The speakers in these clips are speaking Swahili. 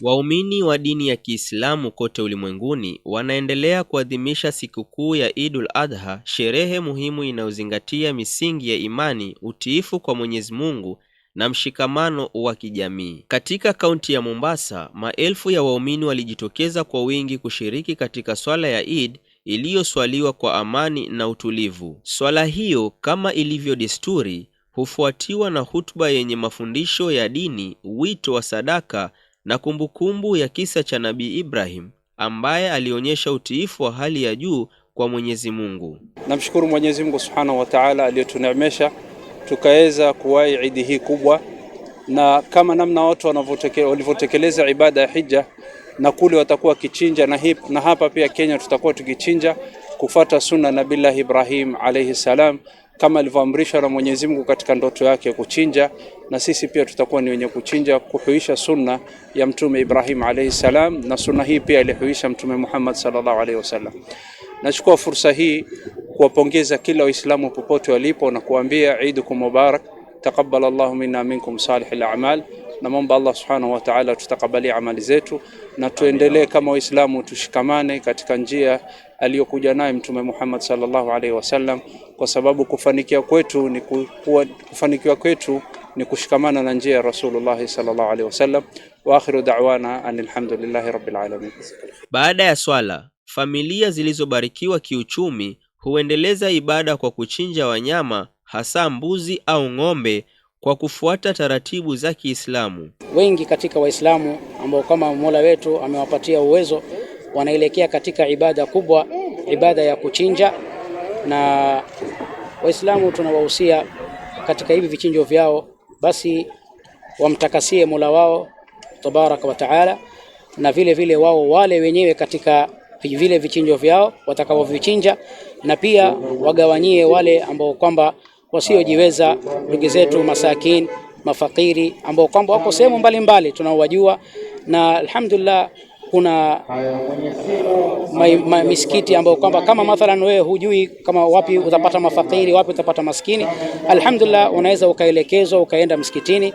Waumini wa dini ya Kiislamu kote ulimwenguni wanaendelea kuadhimisha sikukuu ya Idul Adha, sherehe muhimu inayozingatia misingi ya imani, utiifu kwa Mwenyezi Mungu na mshikamano wa kijamii. Katika kaunti ya Mombasa, maelfu ya waumini walijitokeza kwa wingi kushiriki katika swala ya Eid iliyoswaliwa kwa amani na utulivu. Swala hiyo kama ilivyo desturi hufuatiwa na hutuba yenye mafundisho ya dini, wito wa sadaka na kumbukumbu ya kisa cha Nabii Ibrahim ambaye alionyesha utiifu wa hali ya juu kwa Mwenyezi Mungu. Namshukuru Mwenyezi Mungu Subhanahu wa Ta'ala aliyetuneemesha tukaweza kuwahi idi hii kubwa, na kama namna watu walivyotekeleza ibada ya hija na kule watakuwa kichinja na, hip, na hapa pia Kenya tutakuwa tukichinja kufata sunna Nabillahi Ibrahim alayhi salam kama alivyoamrishwa na Mwenyezi Mungu katika ndoto yake kuchinja, na sisi pia tutakuwa ni wenye kuchinja, kuhuisha sunna ya Mtume Ibrahim alayhi salam, na sunna hii pia alihuisha Mtume Muhammad sallallahu alayhi wasallam. Nachukua fursa hii kuwapongeza kila Waislamu popote walipo na kuambia Eid Mubarak, taqabbal Allahu minna minkum salih amal Namwomba Allah subhanahu wa ta'ala tutakabalia amali zetu na tuendelee kama Waislamu tushikamane katika njia aliyokuja naye Mtume Muhammad sallallahu alaihi wasallam, kwa sababu kufanikiwa kwetu ni kuwa, kufanikiwa kwetu ni kushikamana na njia ya Rasulullah sallallahu alaihi wasallam. Wa akhiru da'wana alhamdulillah rabbil alamin. Baada ya swala, familia zilizobarikiwa kiuchumi huendeleza ibada kwa kuchinja wanyama hasa mbuzi au ng'ombe kwa kufuata taratibu za Kiislamu. Wengi katika Waislamu ambao kama Mola wetu amewapatia uwezo wanaelekea katika ibada kubwa, ibada ya kuchinja, na Waislamu tunawahusia katika hivi vichinjo vyao, basi wamtakasie Mola wao tabaraka wa taala, na vile vile wao wale wenyewe katika vile vichinjo vyao watakavyovichinja, na pia wagawanyie wale ambao kwamba wasiojiweza, ndugu zetu masakin mafakiri ambao kwamba wako sehemu mbalimbali tunaowajua, na alhamdulillah kuna ma, ma, misikiti ambayo kwamba kama mathalan wewe hujui kama wapi utapata mafakiri, wapi utapata maskini, alhamdulillah unaweza ukaelekezwa ukaenda msikitini.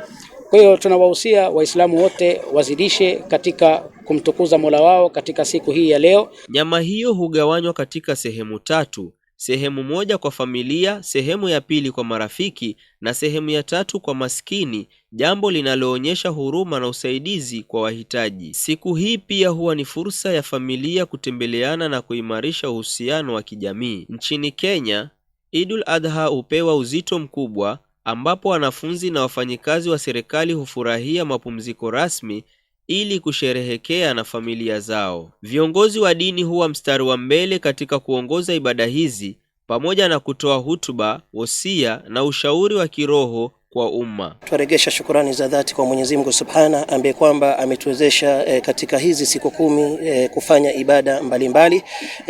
Kwa hiyo tunawahusia Waislamu wote wazidishe katika kumtukuza Mola wao katika siku hii ya leo. Nyama hiyo hugawanywa katika sehemu tatu sehemu moja kwa familia, sehemu ya pili kwa marafiki na sehemu ya tatu kwa maskini, jambo linaloonyesha huruma na usaidizi kwa wahitaji. Siku hii pia huwa ni fursa ya familia kutembeleana na kuimarisha uhusiano wa kijamii. Nchini Kenya, Idul Adha hupewa uzito mkubwa ambapo wanafunzi na wafanyikazi wa serikali hufurahia mapumziko rasmi ili kusherehekea na familia zao. Viongozi wa dini huwa mstari wa mbele katika kuongoza ibada hizi pamoja na kutoa hutuba, wosia na ushauri wa kiroho kwa umma. Twaregesha shukurani za dhati kwa Mwenyezi Mungu Subhana ambaye kwamba ametuwezesha e, katika hizi siku kumi e, kufanya ibada mbalimbali mbali.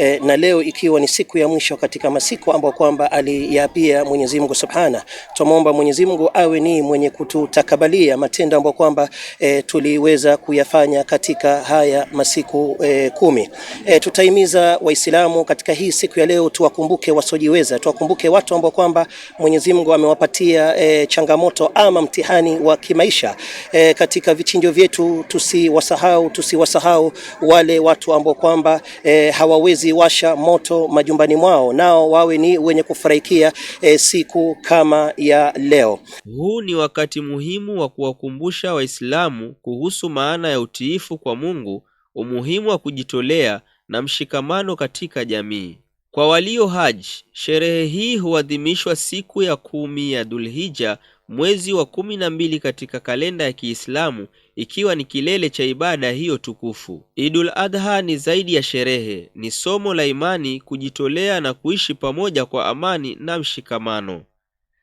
Eh, e, na leo ikiwa ni siku ya mwisho katika masiku ambayo kwamba aliyapia Mwenyezi Mungu Subhana. Twamwomba Mwenyezi Mungu awe ni mwenye kututakabalia matendo ambayo kwamba e, tuliweza kuyafanya katika haya masiku e, kumi. E, tutahimiza Waislamu katika hii siku ya leo tuwakumbuke wasiojiweza, tuwakumbuke watu ambao kwamba Mwenyezi Mungu amewapatia e, changa changamoto ama mtihani wa kimaisha e, katika vichinjo vyetu tusiwasahau, tusiwasahau wale watu ambao kwamba e, hawawezi washa moto majumbani mwao, nao wawe ni wenye kufurahikia e, siku kama ya leo. Huu ni wakati muhimu wa kuwakumbusha Waislamu kuhusu maana ya utiifu kwa Mungu, umuhimu wa kujitolea na mshikamano katika jamii. Kwa walio haji, sherehe hii huadhimishwa siku ya kumi ya Dhulhija mwezi wa kumi na mbili katika kalenda ya Kiislamu, ikiwa ni kilele cha ibada hiyo tukufu. Idul Adha ni zaidi ya sherehe, ni somo la imani, kujitolea na kuishi pamoja kwa amani na mshikamano.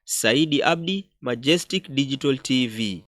Saidi Abdi, Majestic Digital TV.